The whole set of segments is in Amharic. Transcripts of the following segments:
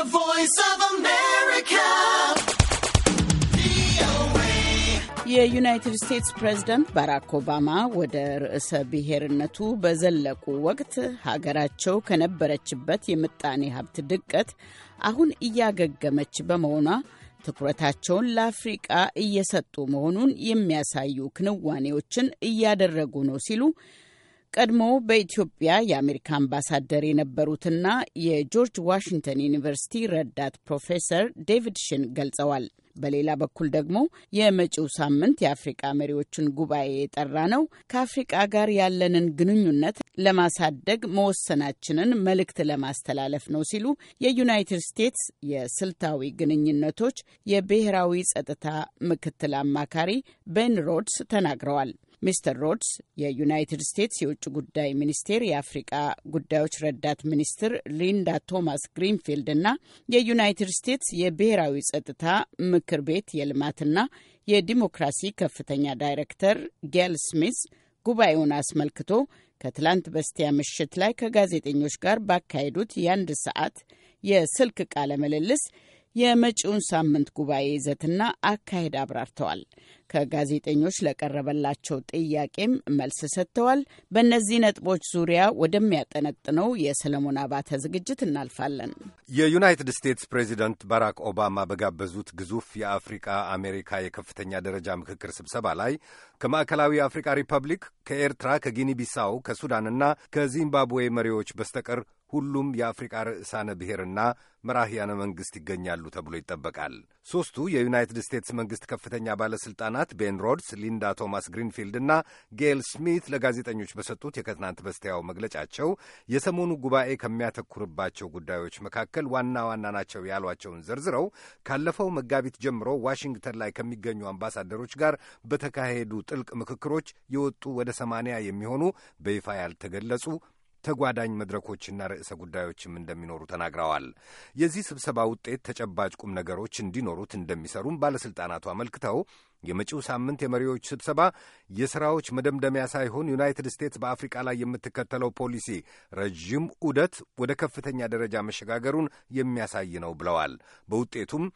The Voice of America. የዩናይትድ ስቴትስ ፕሬዝደንት ባራክ ኦባማ ወደ ርዕሰ ብሔርነቱ በዘለቁ ወቅት ሀገራቸው ከነበረችበት የምጣኔ ሀብት ድቀት አሁን እያገገመች በመሆኗ ትኩረታቸውን ለአፍሪቃ እየሰጡ መሆኑን የሚያሳዩ ክንዋኔዎችን እያደረጉ ነው ሲሉ ቀድሞ በኢትዮጵያ የአሜሪካ አምባሳደር የነበሩትና የጆርጅ ዋሽንግተን ዩኒቨርሲቲ ረዳት ፕሮፌሰር ዴቪድ ሽን ገልጸዋል። በሌላ በኩል ደግሞ የመጪው ሳምንት የአፍሪቃ መሪዎችን ጉባኤ የጠራ ነው ከአፍሪቃ ጋር ያለንን ግንኙነት ለማሳደግ መወሰናችንን መልእክት ለማስተላለፍ ነው ሲሉ የዩናይትድ ስቴትስ የስልታዊ ግንኙነቶች የብሔራዊ ጸጥታ ምክትል አማካሪ ቤን ሮድስ ተናግረዋል። ሚስተር ሮድስ የዩናይትድ ስቴትስ የውጭ ጉዳይ ሚኒስቴር የአፍሪቃ ጉዳዮች ረዳት ሚኒስትር ሊንዳ ቶማስ ግሪንፊልድ እና የዩናይትድ ስቴትስ የብሔራዊ ጸጥታ ምክር ቤት የልማትና የዲሞክራሲ ከፍተኛ ዳይሬክተር ጌል ስሚስ ጉባኤውን አስመልክቶ ከትላንት በስቲያ ምሽት ላይ ከጋዜጠኞች ጋር ባካሄዱት የአንድ ሰዓት የስልክ ቃለ ምልልስ የመጪውን ሳምንት ጉባኤ ይዘትና አካሄድ አብራርተዋል። ከጋዜጠኞች ለቀረበላቸው ጥያቄም መልስ ሰጥተዋል። በእነዚህ ነጥቦች ዙሪያ ወደሚያጠነጥነው የሰለሞን አባተ ዝግጅት እናልፋለን። የዩናይትድ ስቴትስ ፕሬዚደንት ባራክ ኦባማ በጋበዙት ግዙፍ የአፍሪካ አሜሪካ የከፍተኛ ደረጃ ምክክር ስብሰባ ላይ ከማዕከላዊ አፍሪካ ሪፐብሊክ፣ ከኤርትራ፣ ከጊኒ ቢሳው፣ ከሱዳንና ከዚምባብዌ መሪዎች በስተቀር ሁሉም የአፍሪቃ ርዕሳነ ብሔርና መራህያነ መንግሥት ይገኛሉ ተብሎ ይጠበቃል። ሦስቱ የዩናይትድ ስቴትስ መንግሥት ከፍተኛ ባለሥልጣናት ቤን ሮድስ፣ ሊንዳ ቶማስ ግሪንፊልድ እና ጌል ስሚት ለጋዜጠኞች በሰጡት የከትናንት በስቲያው መግለጫቸው የሰሞኑ ጉባኤ ከሚያተኩርባቸው ጉዳዮች መካከል ዋና ዋና ናቸው ያሏቸውን ዘርዝረው ካለፈው መጋቢት ጀምሮ ዋሽንግተን ላይ ከሚገኙ አምባሳደሮች ጋር በተካሄዱ ጥልቅ ምክክሮች የወጡ ወደ ሰማንያ የሚሆኑ በይፋ ያልተገለጹ ተጓዳኝ መድረኮችና ርዕሰ ጉዳዮችም እንደሚኖሩ ተናግረዋል። የዚህ ስብሰባ ውጤት ተጨባጭ ቁም ነገሮች እንዲኖሩት እንደሚሰሩም ባለሥልጣናቱ አመልክተው የመጪው ሳምንት የመሪዎች ስብሰባ የሥራዎች መደምደሚያ ሳይሆን ዩናይትድ ስቴትስ በአፍሪቃ ላይ የምትከተለው ፖሊሲ ረዥም ዑደት ወደ ከፍተኛ ደረጃ መሸጋገሩን የሚያሳይ ነው ብለዋል። በውጤቱም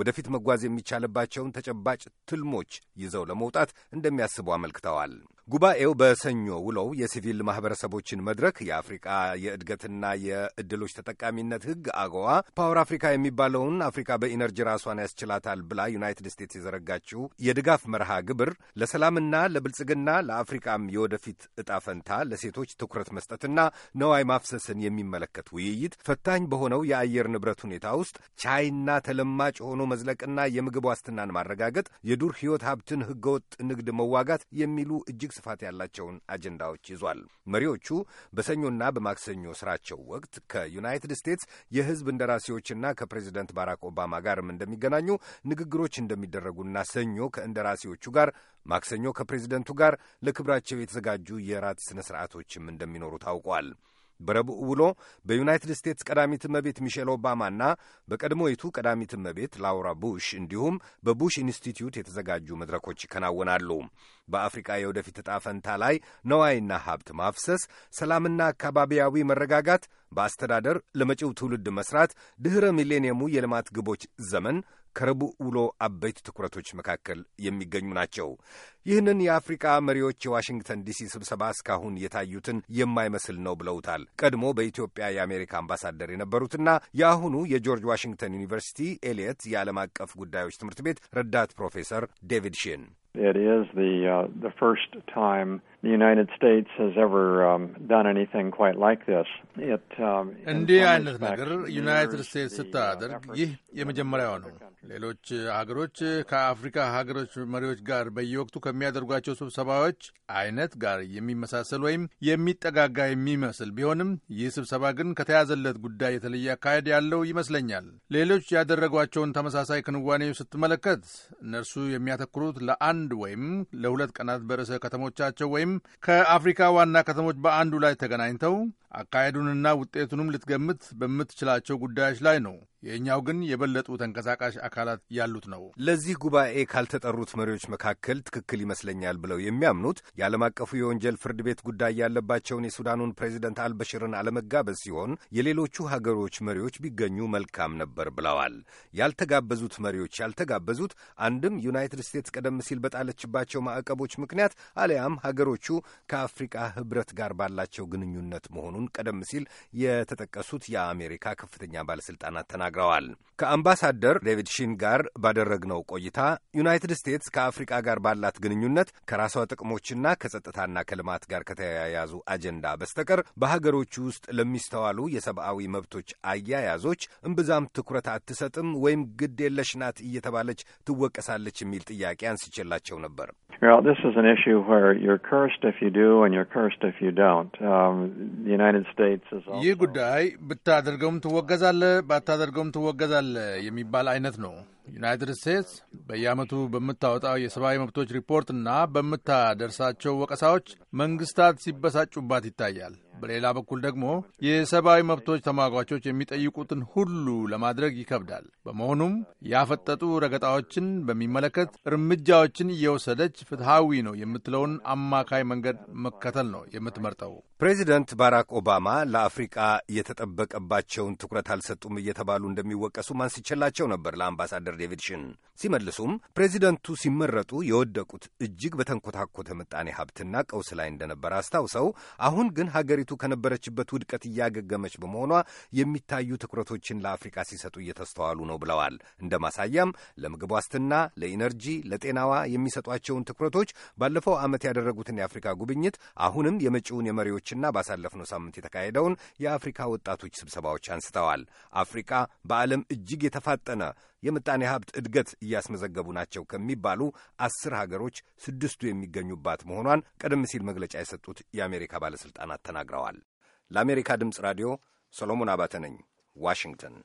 ወደፊት መጓዝ የሚቻልባቸውን ተጨባጭ ትልሞች ይዘው ለመውጣት እንደሚያስቡ አመልክተዋል። ጉባኤው በሰኞ ውለው የሲቪል ማህበረሰቦችን መድረክ፣ የአፍሪቃ የእድገትና የእድሎች ተጠቃሚነት ህግ አገዋ ፓወር አፍሪካ የሚባለውን አፍሪካ በኢነርጂ ራሷን ያስችላታል ብላ ዩናይትድ ስቴትስ የዘረጋችው የድጋፍ መርሃ ግብር፣ ለሰላምና ለብልጽግና ለአፍሪቃም የወደፊት እጣ ፈንታ ለሴቶች ትኩረት መስጠትና ነዋይ ማፍሰስን የሚመለከት ውይይት፣ ፈታኝ በሆነው የአየር ንብረት ሁኔታ ውስጥ ቻይና ተለማጭ ሆኖ መዝለቅና የምግብ ዋስትናን ማረጋገጥ፣ የዱር ህይወት ሀብትን ህገወጥ ንግድ መዋጋት የሚሉ እጅግ ትልቅ ስፋት ያላቸውን አጀንዳዎች ይዟል። መሪዎቹ በሰኞና በማክሰኞ ስራቸው ወቅት ከዩናይትድ ስቴትስ የህዝብ እንደራሴዎችና ከፕሬዚደንት ባራክ ኦባማ ጋርም እንደሚገናኙ ንግግሮች እንደሚደረጉና ሰኞ ከእንደራሴዎቹ ጋር ማክሰኞ ከፕሬዚደንቱ ጋር ለክብራቸው የተዘጋጁ የራት ስነ ስርዓቶችም እንደሚኖሩ ታውቋል። በረቡዕ ውሎ በዩናይትድ ስቴትስ ቀዳሚት እመቤት ሚሼል ኦባማና በቀድሞይቱ ቀዳሚት እመቤት ላውራ ቡሽ እንዲሁም በቡሽ ኢንስቲትዩት የተዘጋጁ መድረኮች ይከናወናሉ። በአፍሪቃ የወደፊት ዕጣ ፈንታ ላይ ነዋይና ሀብት ማፍሰስ፣ ሰላምና አካባቢያዊ መረጋጋት፣ በአስተዳደር ለመጪው ትውልድ መስራት፣ ድኅረ ሚሌኒየሙ የልማት ግቦች ዘመን ከረቡዕ ውሎ አበይት ትኩረቶች መካከል የሚገኙ ናቸው። ይህንን የአፍሪቃ መሪዎች የዋሽንግተን ዲሲ ስብሰባ እስካሁን የታዩትን የማይመስል ነው ብለውታል። ቀድሞ በኢትዮጵያ የአሜሪካ አምባሳደር የነበሩትና የአሁኑ የጆርጅ ዋሽንግተን ዩኒቨርሲቲ ኤሊየት የዓለም አቀፍ ጉዳዮች ትምህርት ቤት ረዳት ፕሮፌሰር ዴቪድ ሺን uh, እንዲህ አይነት ነገር ዩናይትድ ስቴትስ uh, ስታደርግ ይህ የመጀመሪያው ነው። ሌሎች ሀገሮች ከአፍሪካ ሀገሮች መሪዎች ጋር በየወቅቱ ከሚያደርጓቸው ስብሰባዎች አይነት ጋር የሚመሳሰል ወይም የሚጠጋጋ የሚመስል ቢሆንም ይህ ስብሰባ ግን ከተያዘለት ጉዳይ የተለየ አካሄድ ያለው ይመስለኛል። ሌሎች ያደረጓቸውን ተመሳሳይ ክንዋኔዎች ስትመለከት እነርሱ የሚያተኩሩት ለአንድ ወይም ለሁለት ቀናት በርዕሰ ከተሞቻቸው ወይም ከአፍሪካ ዋና ከተሞች በአንዱ ላይ ተገናኝተው አካሄዱንና ውጤቱንም ልትገምት በምትችላቸው ጉዳዮች ላይ ነው። የእኛው ግን የበለጡ ተንቀሳቃሽ አካላት ያሉት ነው። ለዚህ ጉባኤ ካልተጠሩት መሪዎች መካከል ትክክል ይመስለኛል ብለው የሚያምኑት የዓለም አቀፉ የወንጀል ፍርድ ቤት ጉዳይ ያለባቸውን የሱዳኑን ፕሬዚደንት አልበሽርን አለመጋበዝ ሲሆን የሌሎቹ ሀገሮች መሪዎች ቢገኙ መልካም ነበር ብለዋል። ያልተጋበዙት መሪዎች ያልተጋበዙት አንድም ዩናይትድ ስቴትስ ቀደም ሲል በጣለችባቸው ማዕቀቦች ምክንያት አሊያም ሀገሮቹ ከአፍሪቃ ህብረት ጋር ባላቸው ግንኙነት መሆኑን መሆኑን ቀደም ሲል የተጠቀሱት የአሜሪካ ከፍተኛ ባለስልጣናት ተናግረዋል። ከአምባሳደር ዴቪድ ሺን ጋር ባደረግነው ቆይታ ዩናይትድ ስቴትስ ከአፍሪቃ ጋር ባላት ግንኙነት ከራሷ ጥቅሞችና ከጸጥታና ከልማት ጋር ከተያያዙ አጀንዳ በስተቀር በሀገሮቹ ውስጥ ለሚስተዋሉ የሰብአዊ መብቶች አያያዞች እምብዛም ትኩረት አትሰጥም ወይም ግድ የለሽ ናት እየተባለች ትወቀሳለች የሚል ጥያቄ አንስቼላቸው ነበር። You know, this is an issue where you're cursed if you do and you're cursed if you don't. Um, the United States is also... ይህ ጉዳይ ብታደርገውም ትወገዛለህ ባታደርገውም ትወገዛለህ የሚባል አይነት ነው። ዩናይትድ ስቴትስ በየዓመቱ በምታወጣው የሰብአዊ መብቶች ሪፖርትና በምታደርሳቸው ወቀሳዎች መንግስታት ሲበሳጩባት ይታያል። በሌላ በኩል ደግሞ የሰብአዊ መብቶች ተሟጓቾች የሚጠይቁትን ሁሉ ለማድረግ ይከብዳል። በመሆኑም ያፈጠጡ ረገጣዎችን በሚመለከት እርምጃዎችን እየወሰደች ፍትሐዊ ነው የምትለውን አማካይ መንገድ መከተል ነው የምትመርጠው። ፕሬዚደንት ባራክ ኦባማ ለአፍሪቃ የተጠበቀባቸውን ትኩረት አልሰጡም እየተባሉ እንደሚወቀሱ ማንስቼላቸው ነበር ለአምባሳደር ዴቪድ ሽን ሲመልሱም ፕሬዚደንቱ ሲመረጡ የወደቁት እጅግ በተንኮታኮተ ምጣኔ ሀብትና ቀውስ ላይ እንደነበር አስታውሰው አሁን ግን ሀገሪቱ ከነበረችበት ውድቀት እያገገመች በመሆኗ የሚታዩ ትኩረቶችን ለአፍሪቃ ሲሰጡ እየተስተዋሉ ነው ብለዋል። እንደ ማሳያም ለምግብ ዋስትና፣ ለኢነርጂ፣ ለጤናዋ የሚሰጧቸውን ትኩረቶች ባለፈው ዓመት ያደረጉትን የአፍሪካ ጉብኝት አሁንም የመጪውን የመሪዎችና ባሳለፍነው ሳምንት የተካሄደውን የአፍሪካ ወጣቶች ስብሰባዎች አንስተዋል። አፍሪካ በዓለም እጅግ የተፋጠነ የምጣኔ ሀብት እድገት እያስመዘገቡ ናቸው ከሚባሉ አስር ሀገሮች ስድስቱ የሚገኙባት መሆኗን ቀደም ሲል መግለጫ የሰጡት የአሜሪካ ባለሥልጣናት ተናግረዋል። ለአሜሪካ ድምፅ ራዲዮ ሰሎሞን አባተ ነኝ ዋሽንግተን።